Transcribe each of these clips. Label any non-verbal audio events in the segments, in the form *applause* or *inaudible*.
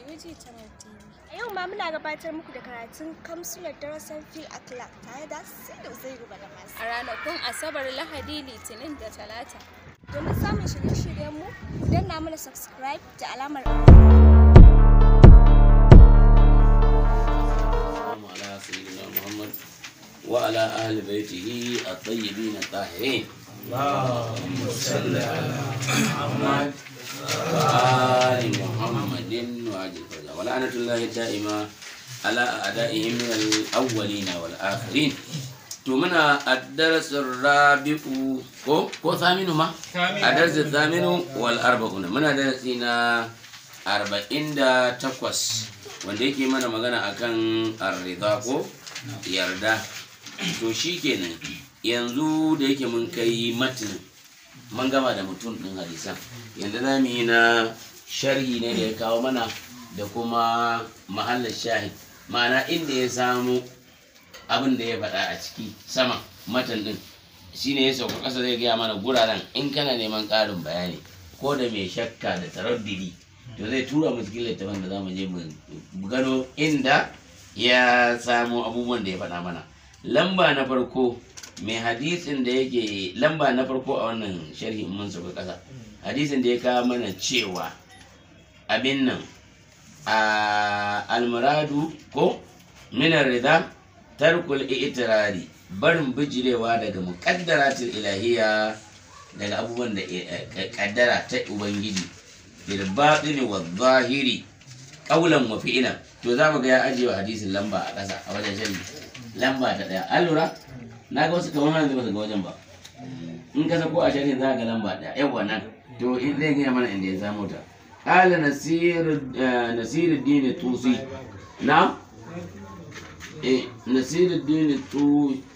UG Channel TV. A yau ma muna gabatar muku da karatun kamsular darasin fil akhlaq tare da Sinu Zairu Badamasi. A ranakun Asabar, Lahadi, Litinin da Talata. Domin samun shirye-shiryen mu, na mana subscribe da alamar وعلى آل بيته الطيبين الطاهرين اللهم صل على محمد وآل محمد وعجل ولعنة الله الدائمة على أعدائهم من الأولين والآخرين to muna rabi'u ko saminu ma darasin saminu wal arba'una muna darasi na arba'in da takwas wanda yake mana magana akan arrida ko yarda to shi kenan yanzu da yake mun kai matinin mun gama da mutum ɗin hadisan yanzu za mu yi na sharhi ne da ya kawo mana da kuma mahallar shahid ma'ana inda ya samu abin da ya faɗa a ciki sama matan ɗin shine ya sauka ƙasa zai gaya mana guraren in kana neman ƙarin bayani ko da mai shakka da taraddidi to zai tura mu cikin littafin da zamu je mu gano inda ya samu abubuwan da ya faɗa mana lamba na farko mai hadisin da yake lamba na farko a wannan sharhi mun saba kasa hadisin da ya kawo mana cewa abin nan a almuradu ko minar rida tarkul itirari barin bijirewa daga muqaddaratil ilahiya daga abubuwan da eh, eh, kaddara ta ubangiji bil batini wa zahiri qawlan wa fi'lan to za mu ga ya ajiye hadisin lamba a ƙasa a wajen sharhi lamba ta daya allura na ga wasu kamar mana zai basu wajen ba in ka sako a shirin za ga lamba ɗaya yawa nan to in zai gaya mana inda ya samu ta ƙala nasiru eh, dini tusi na eh, nasiru dini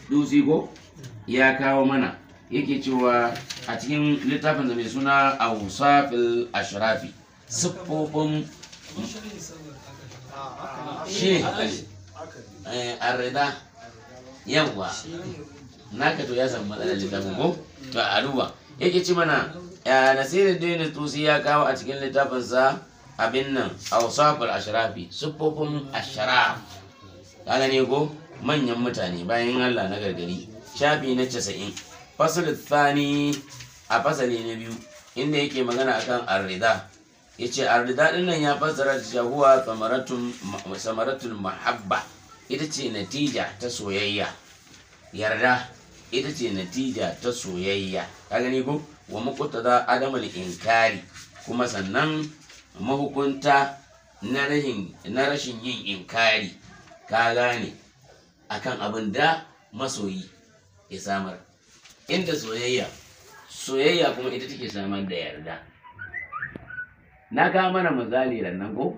tusi ko ya kawo mana yake cewa a cikin littafin da mai suna a wusafin ashirafi siffofin shi eh, a rida yawwa naka to ya samu matsalar littafin ko to a duba yake ci mana ya nasiruddin tusi ya kawo a cikin sa. abin nan ausaful ashrafi siffofin ashraf kaga ne ko manyan mutane bayan Allah na gargari shafi na casa'in. fasal tsani a fasali na biyu inda yake magana a akan arrida yace arrida din nan ya fassara da samaratun samaratul mahabba ita ce natija ta soyayya yarda ita ce natija ta soyayya ka gani ko wa muqtada adamul inkari kuma sannan mahukunta na rashin na rashin yin inkari ka gane akan abin da masoyi ya samar inda soyayya soyayya kuma ita take samar da yarda na kama mana misali nan ko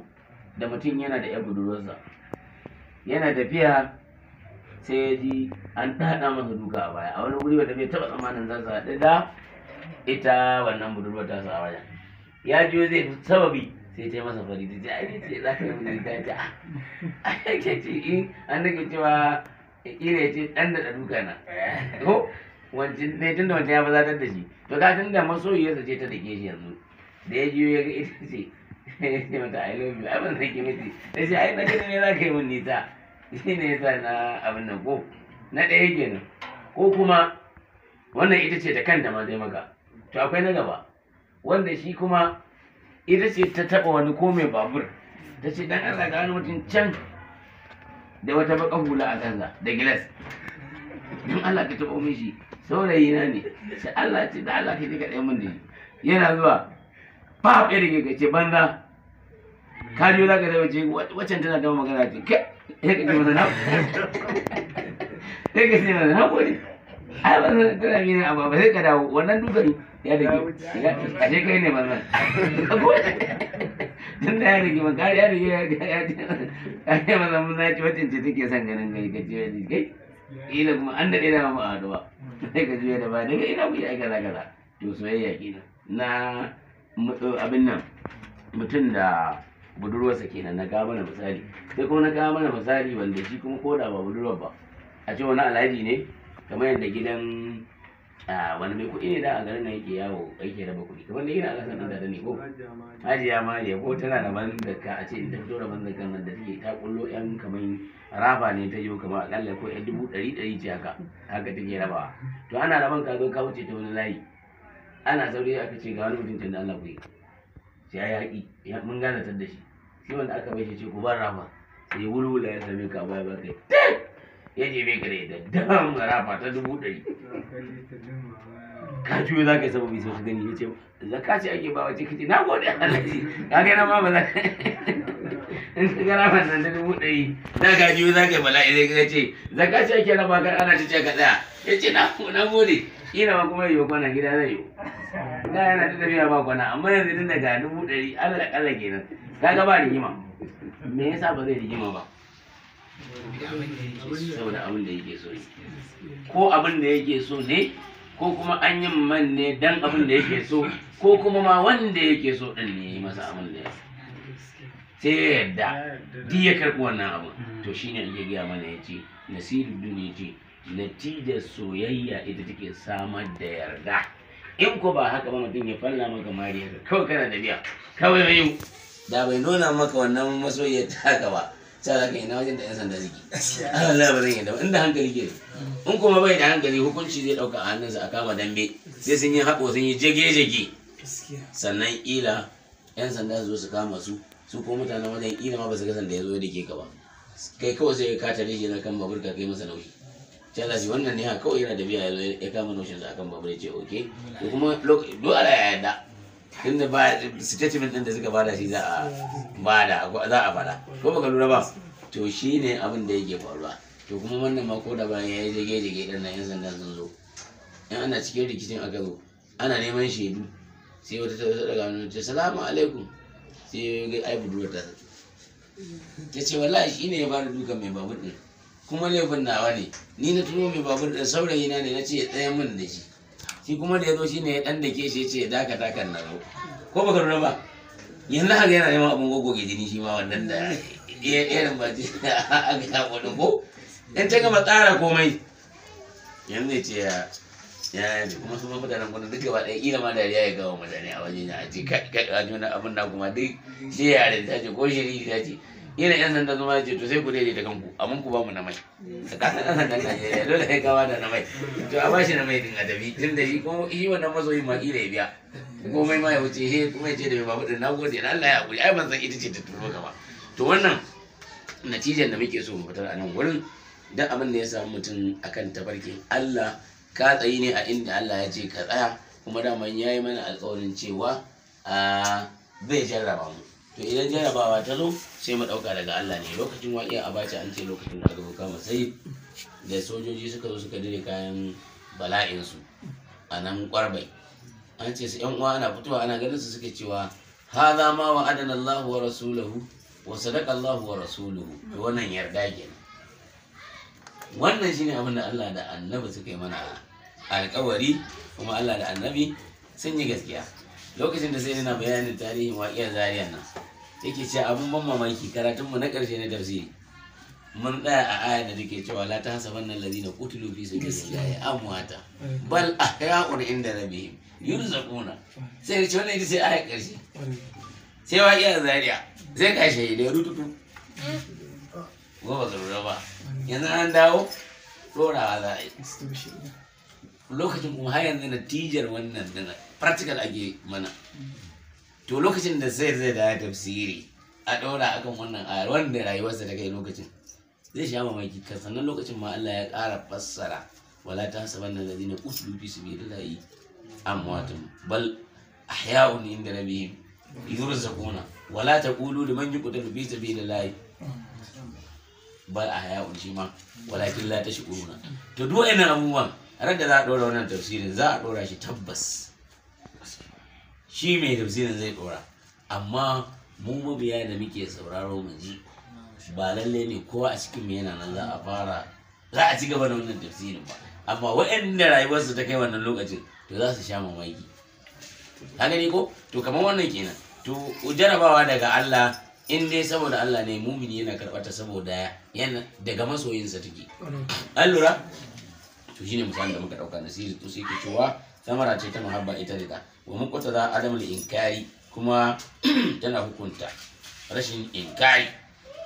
da mutum yana da 'yan budurwarsa yana tafiya sai ya ji an daɗa masa duka a baya a wani guri wanda bai taɓa tsammanin za su haɗu da ita wannan budurwar ta sa wajen ya jiyo zai fi sababi sai ta yi masa fari ta ce ai ce za ka yi mun ta ce a ah, yake ce in eh, an nake cewa ire ce ɗan daɗa duka na ko wancin ne tunda wancan ya bazatar da shi to ka tun da masoyiyarsa ce ta dake shi yanzu da ya jiyo ya ga ita ce *laughs* ce mata i love you ai ban sake miki sai ai na gani ne za ka yi mun nisa shi ne yasa na abin nan ko na ɗaya kenan ko kuma wannan ita ce ta kanta ma zai maka to akwai na gaba wanda shi kuma ita ce ta taɓa wani ko mai babur ta ce dan Allah ga wani mutum can da wata bakan hula a kansa da gilas don Allah ka taɓa min shi saurayi na ne sai Allah ce da Allah ka ji ka ɗaya min da shi yana zuwa faf ɗaya da ke ce banza kariyo ji za ka zai wace wacan tana ta magana ce kai Take it to Take it to na gode. Ai ba zan tana mina amma ba sai ka dawo wannan dukan ya dage. A ce kai ne manzan. Tun da ya dage man kare ya dage ya dage manzan mun ci wacin ce take son ganin kai ka jiya ji kai. Ila kuma an daɗe da a duwa. Sai da ba daga ina ku ya gaza gaza. To Na abin nan mutum da budurwarsa kenan na gaba na misali sai kuma na gaba na misali wanda shi kuma koda ba budurwar ba a ce wani alhaji ne kamar yadda gidan wani mai kuɗi ne da a garin nan yake yawo yake raba kuɗi kamar da yana kasan nan da ne ko hajiya ne. ko tana da ban da ka? a ce in ta fito da ban zakkan nan da take ta kullo yan kamar raba ne ta yi kamar akalla ko yan dubu ɗari ɗari ce haka haka take rabawa to ana raban ka zo ka wuce ta wani layi ana sauri aka ce ga wani mutum can da Allah ku yi sai ya yaƙi mun gane tar da shi sai wanda aka mai shi ko ban rama sai wulwula ya kama ka ya baka ya je mai kare da dam rafa ta dubu ɗari ka juyo za ka yi sababi sai ka gani ya ce zaka ce ake ba wace kace na gode alhaji ka ga ma ba za ka in ka ga rafa ta dubu ɗari za ka juyo za ka yi bala'i sai ka ce zaka ce ake rafa kar ana ce ka tsaya ya ce na gode ina ma kuma yiwu kwana gida zai yiwu da yana ta tafiya ba kwana amma yanzu tun daga dubu ɗari allah kala kenan kaga ba rigima me yasa ba zai rigima ba saboda abin da yake so ko abin da yake so ne ko kuma an yi man ne dan abin da yake so ko kuma ma wanda yake so din ne yi masa abin da ya sai ya yarda duk ya karɓi wannan abin to shine ake gaya mana ya ce nasiru dun ya ce natijar soyayya ita take samar da yarda in ko ba haka ba mutum ya falla maka mariya kawai kana da biya kawai rayu da bai nuna maka wannan masoyiyar haka ba sai da kai yi na wajen da 'yan sanda suke *laughs* Allah ba zan yi da inda hankali ke in kuma bai da hankali hukunci zai ɗauka a hannunsa a kama dambe sai sun yi haƙo sun yi jege jege sannan ila 'yan sanda su zo su kama su su ko mutanen wajen ila ma ba su ga sanda ya zo da ke ka ba kai kawai sai ka tare shi na kan babur ka kai masa nauyi tana shi wannan ne ha kawai yana da biya ya kama naushin sa akan babur ya ce To kuma duk ala ya yadda tunda ba statement din da suka bada shi za a bada za a bada ko baka lura ba to shine abin da yake faruwa to kuma wannan ma ko da bayan yayi jage jage din nan yan sandan sun zo in ana cikin rikicin aka zo ana neman shaidu sai wata ta wata daga wani ta salamu alaikum sai ga ai budurwar ta ta ce wallahi shine ya bada duka mai babur din kuma laifin nawa ne ni na tuno mai babur din saurayi na ne na ce ya tsaya min da shi shi kuma da ya zo ne ya dan ke shi ce daga kan na zo ko baka nuna ba yanzu haka yana neman abin gogoge jini shi ma wannan da irin ba ji *laughs* a ga wani ko ɗan ta gama tsara komai yanzu ya ce ya ya ce kuma su mutanen kuna duk gaba ɗaya iya ma dariya ya gawa mutane a wajen ya ce kaɗa abin na kuma duk shi yaren ta ce ko shiri ta ce yana yan sanda zuma ya ce to sai ku daidaita kanku amma ku bamu mu na mai tsakanin yan sandan Najeriya dole sai kawa da na mai to a bashi na mai din adabi tun da shi ko yi wannan mazoyin ma kila ya biya Ko komai ma ya wuce he kuma ya ce da mai babu din gode na Allah ya hakuri ai ban san ita ce ta turo ka ba to wannan natijar da muke so mu fitar a nan wurin da abin da ya samu mutum akan tabarkin Allah ka tsayi ne a inda Allah ya ce ka tsaya kuma daman ya yi mana alƙawarin cewa ah, zai jarraba mu to idan jarabawa ta zo sai mu ɗauka daga Allah ne lokacin a bace an ce lokacin da aka sai da sojoji suka zo suka dire kayan bala'insu a nan kwarbai an ce su yan uwa ana fitowa ana ganin su suke cewa hadha ma wa adana Allah wa rasuluhu wa sadaqa Allah wa rasuluhu to wannan yarda kenan wannan shine abin da Allah da Annabi suka yi mana alƙawari kuma Allah da Annabi sun yi gaskiya lokacin da sai yana bayanin tarihin waƙiyar zariya nan yake ce abin ban mamaki karatunmu na ƙarshe na tafsiri mun ɗaya a aya da take cewa la ta hasaban nan ladina qutilu fi sabilillahi amwata bal ahya'un inda rabbihim yurzaquna sai da wannan ita sai aya ƙarshe sai wa iya zariya sai ka shahide rututu gobe eh. zarura ba yanzu an dawo ɗorawa za a yi lokacin kuma har yanzu natijar wannan dana practical ake mana mm. to lokacin da zai zai da tafsiri a ɗaura akan wannan ayar wanda rayuwarsa ta kai lokacin zai sha mamaki kan sannan lokacin ma Allah ya ƙara fassara wala ta saban da zai na usulu fi su Amma amwatun bal ahya'un inda nabihim yurzaquna wala taqulu liman yuqtalu fi sabilillahi bal ahya'un shi ma walakin shi tashkuruna to duk wayannan abubuwan ran da za a ɗora wannan tafsirin za a ɗora shi tabbas shi mai tafsirin zai dora amma mu mabiya da muke sauraro mu ba lalle ne kowa a cikin mu yana nan za a fara za a ci gaba da wannan tafsirin ba amma waɗanda rayuwarsu ta kai wannan lokacin to za su sha mamaki ka gani ko to kamar wannan kenan to jarabawa daga Allah in dai saboda Allah ne mumini yana karɓar ta saboda yana daga masoyinsa take an lura to shine misalin da muka dauka na sirri to sai ke cewa samara ce ta muhabba ita da wa adam adamul inkari kuma *clears throat* tana hukunta rashin inkari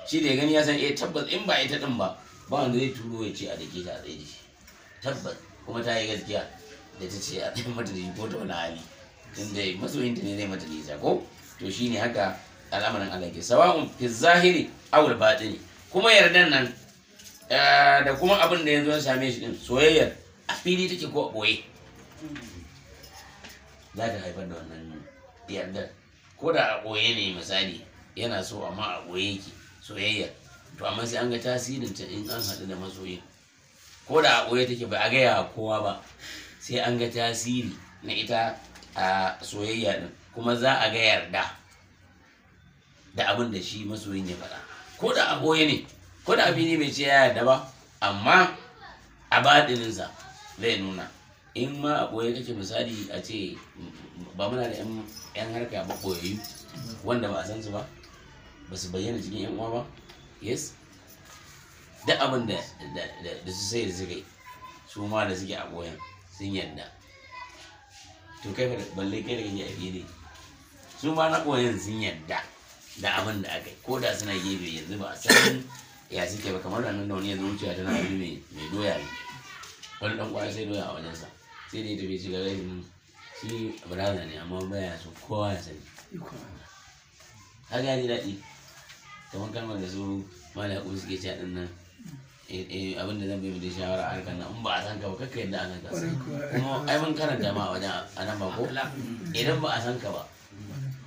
shi da gani ya san eh tabbas in ba ita din ba ba wanda zai turo ya ce a dake ta a tsaye tabbas kuma ta yi gaskiya da ta ce a tsaye mata ko ta wani hali tunda masoyinta ne zai mata nisa ko to shi ne haka al'amarin Allah ke sawa'un fi zahiri awul batini kuma yardan nan eh, da kuma abin da yanzu ya same shi din soyayyar a fili take ko a boye za ta haifar da wannan yardar ko da a ɓoye ne misali yana so amma a ɓoye yake soyayya to amma sai an ga tasirin ta in an hadu da masoyin ko da a ɓoye take ba a gaya kowa ba sai an ga tasiri na ita a soyayya din kuma za a ga yarda da abin da shi masoyin ya faɗa ko da a ɓoye ne ko da abin ne bai ce ya yarda ba amma a baɗininsa zai nuna in ma a ɓoye kake misali a ce ba muna da 'yan harka ba ɓoyayyu wanda ba a san su ba ba su bayyana cikin 'yan uwa ba yes duk abin da su sai da suka yi su ma da suke a ɓoyen sun yadda to kai balle kai da kake a fili su ma na ɓoyen sun yadda da abin da aka yi ko da suna gefe yanzu ba a san ya suke ba kamar da nan da wani yanzu wucewa tana wani mai doya ne wani ɗan kwaya sai doya a wajensa sai da ita bai shiga laifin shi brother ne amma baya so kowa ya sani haka ya ji daɗi kamar kalmar da su mala ko suke ci din nan eh, eh, abin da zan bai da shawara a harkar nan in ba a san ka ba kakka yadda an san ka kuma ai mun karanta ma wajen a nan ba ko mm. idan ba a san ka ba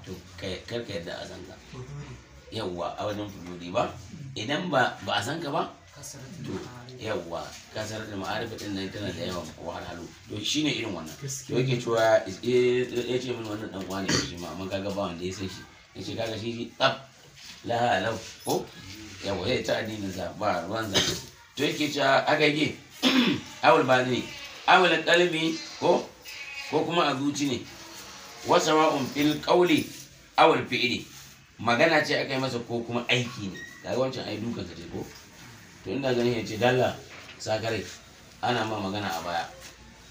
to karka yadda a san ka yawwa a wajen fulori ba idan ba a san ka ba to yawwa kasar da ma'arifa din nan tana da yawan wahalhalu to shine irin wannan to yake cewa eh, ya ce min wannan dan wani shi ma amma kaga ba wanda ya san shi ya ce kaga shi tsaf la la ko yawwa ya ta addinin sa ba ruwan sa to yake cewa agage *clears throat* awul ba ne awul kalbi ko ko kuma a zuci ne wasa wa'un fil qawli awul fi'li magana ce aka yi masa ko kuma aiki ne ga wancan ai dukan ka ce ko to inda ganin ya ce dalla sakare ana ma magana a baya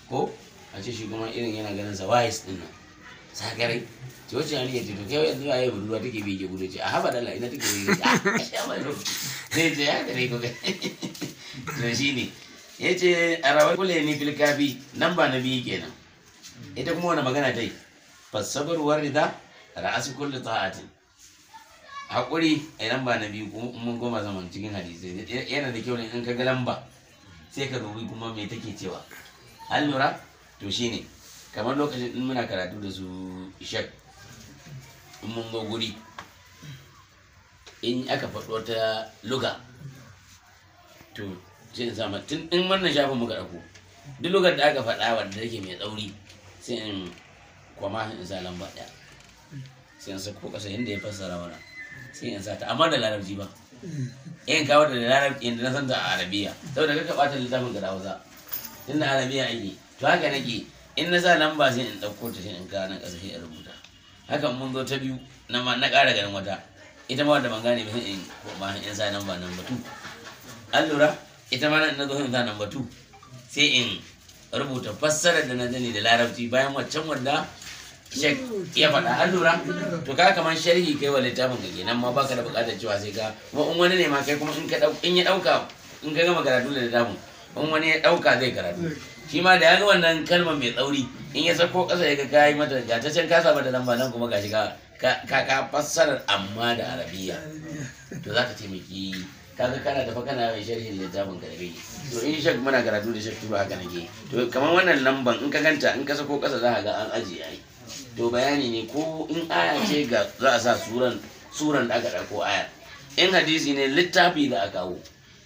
ko a ce shi kuma irin yana ganin sa din nan sakare to wace ne ya ce to kai yanzu a yi budurwa take bi ke gudu ce a haba dalla ina take bi a ah, sha mai zai ce ya gare ko *laughs* to shi ne ya ce a kule ni kafi nan ba na bi kenan ita kuma wani magana dai fasabar warida ra'asu kulli ta'atin haƙuri a lamba na biyu mun goma zaman cikin hadisai yana da kyau ne in ka lamba sai ka dubi kuma me take cewa an lura to ne, kamar lokacin in muna karatu da su shek in mun go guri in aka faɗo ta luga to sai in sama tun in wannan shafin muka ɗauko duk lugar da aka faɗa wanda take mai tsauri sai in kwamashin in sa lamba ɗaya sai in sako ƙasa yadda ya fassara mana sai in sata amma da larabci ba in eh, kawo da larabci inda na san ta a arabiya saboda kaka bata littafin ga hausa tun da arabiya ake to haka nake in na sa lamba sai in ɗauko ta sai in kawo nan kasashe in rubuta hakan mun zo ta biyu na ma na ƙara ganin wata ita ma wanda ban gane ba sai in ba in sa lamba nan batu an lura ita ma na zo in sa nan batu sai in rubuta fassarar da na gani da larabci bayan waccan wanda shek ya faɗa an lura to ka kamar sharhi kai wa littafin ka kenan ma baka da buƙatar cewa sai ka kuma in wani ne ma kai kuma in ka in ya ɗauka in ka gama karatu da littafin in wani ya ɗauka zai karatu shi ma da ya wannan kalmar mai tsauri in ya sako ƙasa ya ga ka yi mata gataccen kasa mata lamba nan kuma gashi ka ka fassarar amma da arabiya to za ka taimaki kaga kana tafa kana mai sharhin littafin ka da kai to in shak muna karatu da shak tura haka nake to kamar wannan lamban in ka ganta in ka sako ƙasa za ka ga an ajiye ai to bayani ne ko in aya ce ga za a sa suran suran da aka aya in hadisi ne littafi da a kawo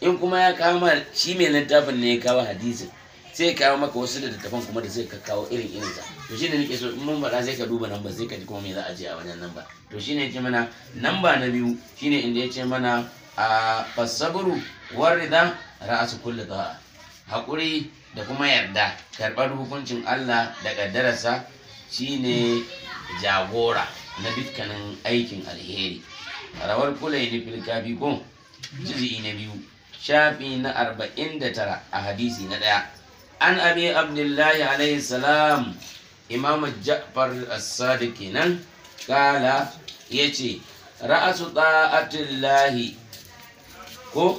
in kuma ya kawo shi mai littafin ne ya kawo hadisi sai ya kawo maka wasu littattafan kuma da zai ka kawo irin irin sa to shine nake so in mun faɗa sai ka duba namba sai ka ji kuma me za a je a wajen lamba. to shine yake mana ba na biyu shine inda ce mana a fasabru warida ra'asu kulli da'a hakuri da kuma yarda karɓar hukuncin Allah da darasa. shine jagora na dukkanin aikin alheri rawar kulai ne filkafi ko? jizi na biyu shafi na arba'in da tara a hadisi na ɗaya an abi abdullahi alaihi salam imam ja'far as-sadiq kenan kala ce, ra'asu ta'atillahi ko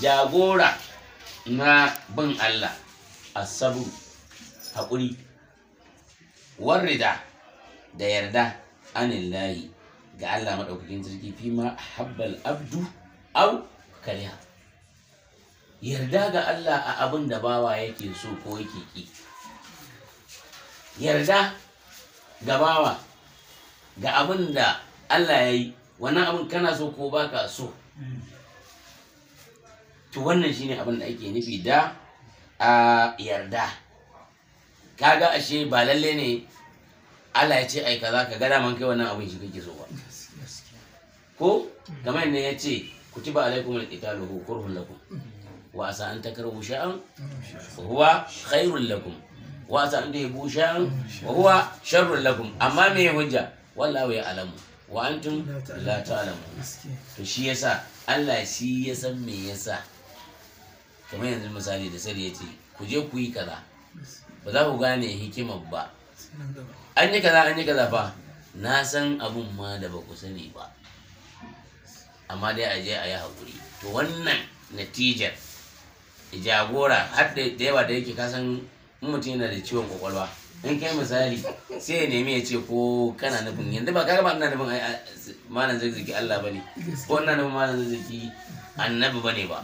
jagora na bin Allah asabu haƙuri warrida da yarda layi ga Allah maɗaukakin jirgi fi ma habbal abdu au kariha yarda ga Allah a abin da bawa yake so ko yake ki yarda ga bawa ga abin da Allah ya yi wannan abin kana so ko ba ka so to wannan shine abin da ake nufi da a yarda kaga ashe ba lalle ne Allah ya ce ai za ka gada man kai wannan abin shi kake so ba ko kamar ne ya ce kutiba alaikum alqitalu huwa kurhun lakum wa asa an takrahu sha'an wa huwa khairul lakum wa asa an tuhibbu sha'an wa huwa sharrul lakum amma me hujja wallahu alamu, wa antum la ta'lamu to shi yasa Allah shi ya san me yasa kamar yanzu misali da sani ya ce ku je ku yi kaza ba za ku gane hikimar ba an yi kaza an yi kaza fa na san abun ma da ba ku sani ba amma dai a je a yi haƙuri to wannan natijar jagora har da yawa da yake kasan mutum yana da ciwon kwakwalwa in kai misali sai ya nemi ya ce ko kana nufin yanzu ba kaga ba ina nufin malam zazzaki Allah ba ne ko ina nufin malam zazzaki annabi ba ne ba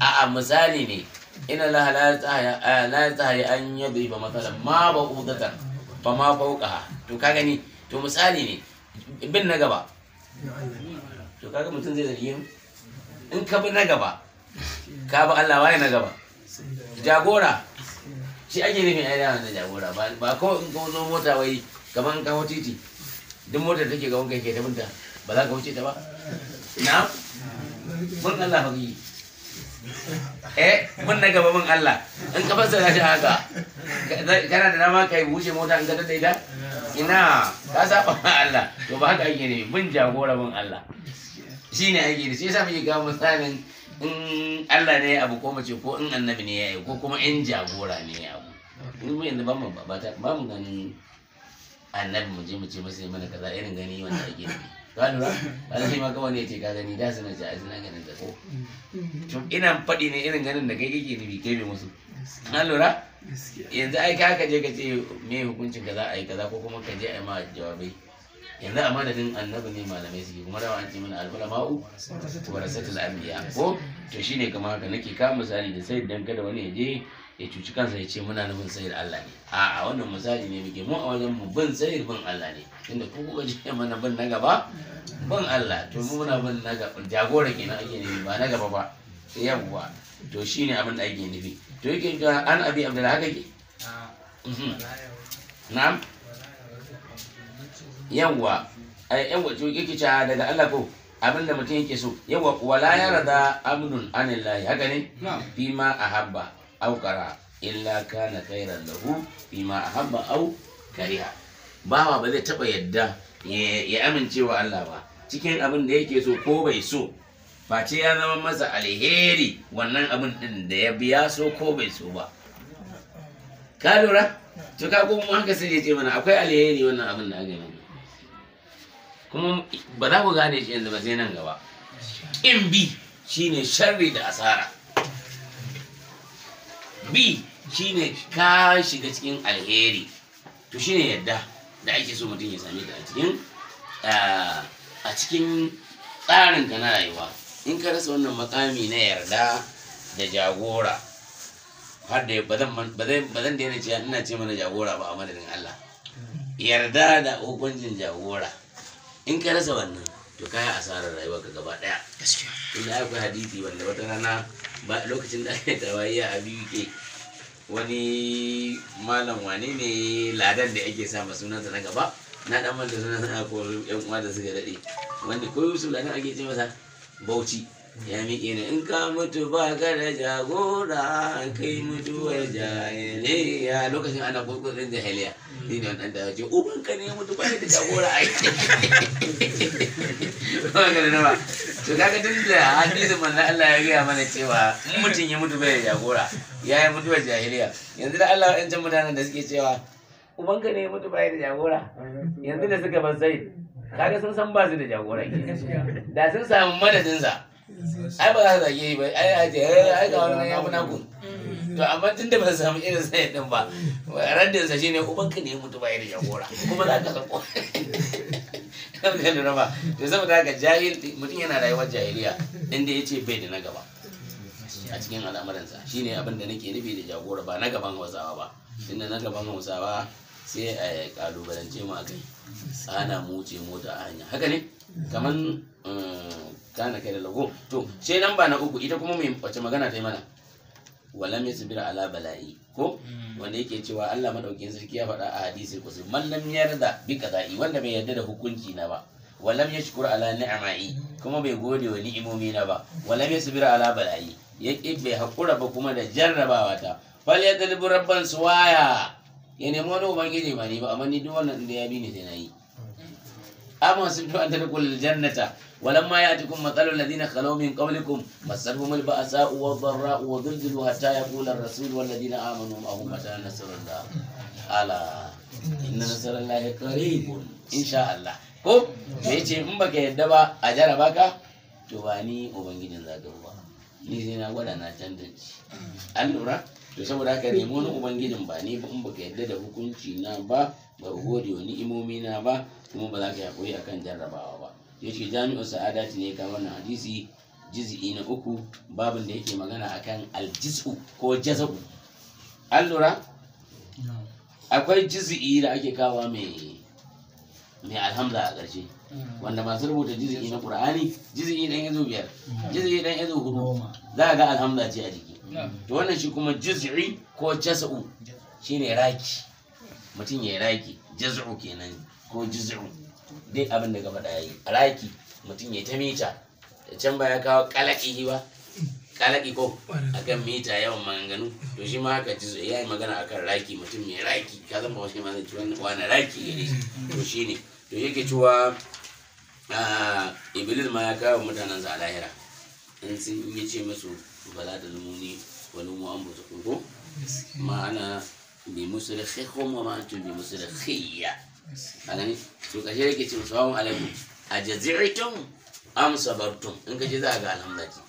a'a misali ne Ina allaha la yataha eh, la yataha an yadriba mathalan ma baqudatan fa ma fawqaha to ka gani to misali ne bin na gaba to kaga mutum zai zargi in ka bi na gaba ka bi Allah waye na gaba jagora shi ake nufin ai da jagora ba ko in ka zo mota wai kaman ka titi duk motar take gaban kai ke ta ba za ka wuce ta ba na mun Allah fa eh mun na gaba mun Allah in ka fassara shi haka kana da dama kai wuce mota in ka da ita ina ka saba Allah to ba haka ake ne mun jagora mun Allah shine ake ne shi yasa muke ga misalin in Allah ne abu ko mace ko in annabi ne yayi ko kuma in jagora ne ya abu in mu yanzu ba mu ba mu ganin annabi mu je mu ce masa mana kaza irin gani wanda ake ne ka lura ka sai ma wani ne ce ka gani da suna ci a na ganin da ko mm. ina faɗi ne irin ganin da kai kake nufi kai bai musu na lura yanzu ai ka ka je ka ce me hukuncin kaza ai kaza ko kuma ka je ai ma jawabai yanzu a madadin annabi ne malamai suke kuma dawa an ce mana al'ula ma'u warasatul anbiya ko to shine kamar haka nake ka misali da sai dan kada wani ya je ya cuci kansa ya ce muna nufin sayar Allah ne a'a wannan misali ne muke mu a wajen mu bin sayar bin Allah ne inda ku kuka ce *laughs* mana bin na gaba bin Allah to mu muna bin na gaba jagora kenan ake nufi ba na gaba ba yawwa to shine abin da ake nufi to yake ga an abi abdullahi haka ke mhm. na'am yawwa yawwa to yake cewa daga Allah ko abin da mutum yake so Yawwa wala ya rada amnun anillahi haka ne fi ma ahabba aw qara illa kana khairan lahu bima ahabba aw kariha bawa ba zai taba yadda ya amincewa Allah ba cikin abin da yake so ko bai so face ya zama masa alheri wannan abin din da ya biya so ko bai so ba ka lura to ka kuma haka sai ya ce mana akwai alheri wannan abin da aka yi kuma ba za ku gane shi yanzu ba sai nan gaba in bi shine sharri da asara bi shine ka shiga cikin alheri to shine yadda da ake so mutum ya same ta a cikin eh, a cikin tsarin ka na rayuwa in ka rasa wannan makami na yarda da jagora har da ba zan daina cewa ina ce mana jagora ba a madadin Allah yarda da hukuncin jagora in ka rasa wannan to kaya asarar rayuwa ka gaba daya gaskiya inda akwai hadisi wanda wata rana ba lokacin da ake tawayya a biyu ke wani malam wane ne ladan da ake sa ma sunansa na gaba na dan manta suna sana ko yan uwa da suka dade wanda ko su ladan ake ce masa Bauchi ya mi ina in ka mutu ba ka da jagora kai mutuwar ya lokacin ana da haliya ni ne wannan da ce uban ka ne mutu ba da jagora ai *laughs* ba to kaga tun da hadisin manzo Allah ya gaya mana cewa in mutum ya mutu bai jagora ya yi mutuwar jahiliya yanzu da Allah wa'ancan mutanen da suke cewa ubanka ne ya mutu bai da jagora yanzu da suka ban sai kaga sun san ba su da jagora da sun samu sa ai ba za su zage yi ba ai a ce eh, ai ga wani ya muna ku to amma tun da ba su samu irin sai din ba sa shine ubanka ne ya mutu bai da jagora kuma za ka sako raba to saboda haka jahil mutum yana rayuwar jahiliya inda ya ce bai da na gaba a cikin al'amuransa shine abin da nake nufi da jagora ba na gaban hausawa ba inda na gaban hausawa sai a kalubalance mu akai ana muce mota a hanya haka ne kaman kana eh, kai da lago to sai lamba na uku ita kuma mai wace magana ta yi mana walam yasbir ala bala'i ko hmm. wanda yake cewa Allah madaukin sarki ya faɗa a hadisi kusi man lam yarda bi qada'i wanda bai yarda da hukunci na ba walam yashkur ala ni'ma'i kuma bai gode wa ni'imomi na ba walam yasbir ala bala'i ya bai hakura ba kuma da jarrabawa ta fal dalbu rabban suwaya ya nemi wani ubangiji ba ne ba amma ni duk wannan da ya bi ni sai nayi hmm. amma sun to an kullu jannata ولما يأتكم مثل الذين خلوا من قبلكم مسهم البأساء والضراء وزلزلوا حتى يقول الرسول والذين آمنوا معه متى نصر الله ألا إن نصر الله قريب إن شاء الله ko da ya ce in baka yadda ba a jaraba ka to ba ni ubangijin zagarwa ni sai na gwada na cancanci an lura to saboda haka nemo na ubangijin ba ni in baka yadda da hukunci na ba ba gode wa ni'imomi na ba kuma ba za ka yi akan jarrabawa ce jami'u sa'adati ne kamar wannan hadisi juz'i na uku babin da yake magana akan aljiz'u ko jazabu an lura akwai juz'i da ake kawa mai alhamza a ƙarshe mm. wanda masu rubuta juz'i na qur'ani juz'i ɗan 'yanzu biyar mm. juz'i ɗan 'yanzu hudu za ga alhamza ce a jiki to wannan shi kuma jiz'i ko jaz'u shine raki mutum ya raki jaz'u kenan ko juz'u dai abin da gaba da yi raki mutum ya ta mita da can ba ya kawo kalaki ba kalaki ko akan mita yawan maganganu to shi ma haka ci ya yi magana akan raki mutum mai raki ka zama wasu ma zai ci wani raki ne to shi ne to yake cewa iblis ma ya kawo mutanen sa a lahira in sun yi ce musu bala da lumuni wani mu an buta ko ma'ana bi musu da khaikum wa bi musu da khiyya a to kashe yake ce musamman alaikum a jaziritun am sabartum in kashe za a ga alhamdaci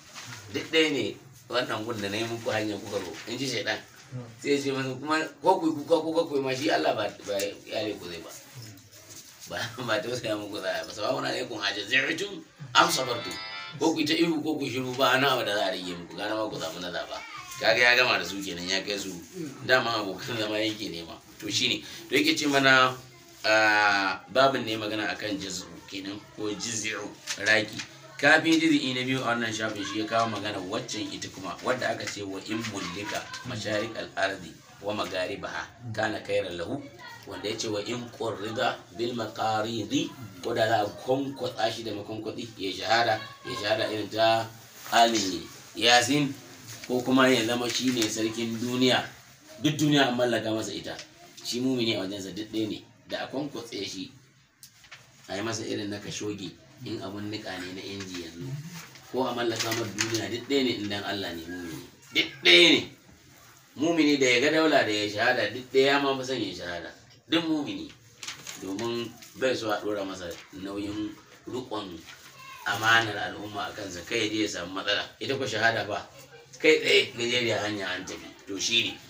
duk ɗaya ne wannan gun da na yi muku hanyar kuka ro in ji shaidan sai ce masu kuma ko ku kuka ko ku ma shi Allah ba ya yare ku zai ba ba *laughs* ba ta wasu ya muku za a yi ba sababu alaikum a jaziritun am sabartum ko ku ta ihu ko ku shiru ba na da za a rige muku gana ma ku samu na zaba kaga ya gama da su kenan ya kai su dama abokan zama yake nema to shine to yake ce mana Ah, babin ne magana akan jiz'u kenan ko jiz'u raki kafin jiz'i na biyu a wannan shafin shi ya kawo magana waccan ita kuma wadda aka ce wa in mullika masharik al-ardi wa magaribaha kana kaira lahu wanda ya ce wa in qurrida bil maqaridi ko da za a kwankwatsa shi da ya shahada ya shahada irin ta alin yasin ko kuma ya zama shi ne sarkin duniya duk duniya an mallaka masa ita shi mumini a wajensa duk ne da a kwankwatse shi a yi masa irin na kashoge in abun nika ne na inji yanzu ko a mallaka mar duniya duk ɗaya ne in dan Allah ne mumini duk ɗaya ne mumini da ya ga daula da ya shahada duk ɗaya ya ma fi ya shahada duk mumini domin bai so a ɗora masa nauyin rukon amanar al'umma a kansa kai ya je ya samu matsala ita ko shahada ba kai tsaye gajeriya hanya an tafi to shi ne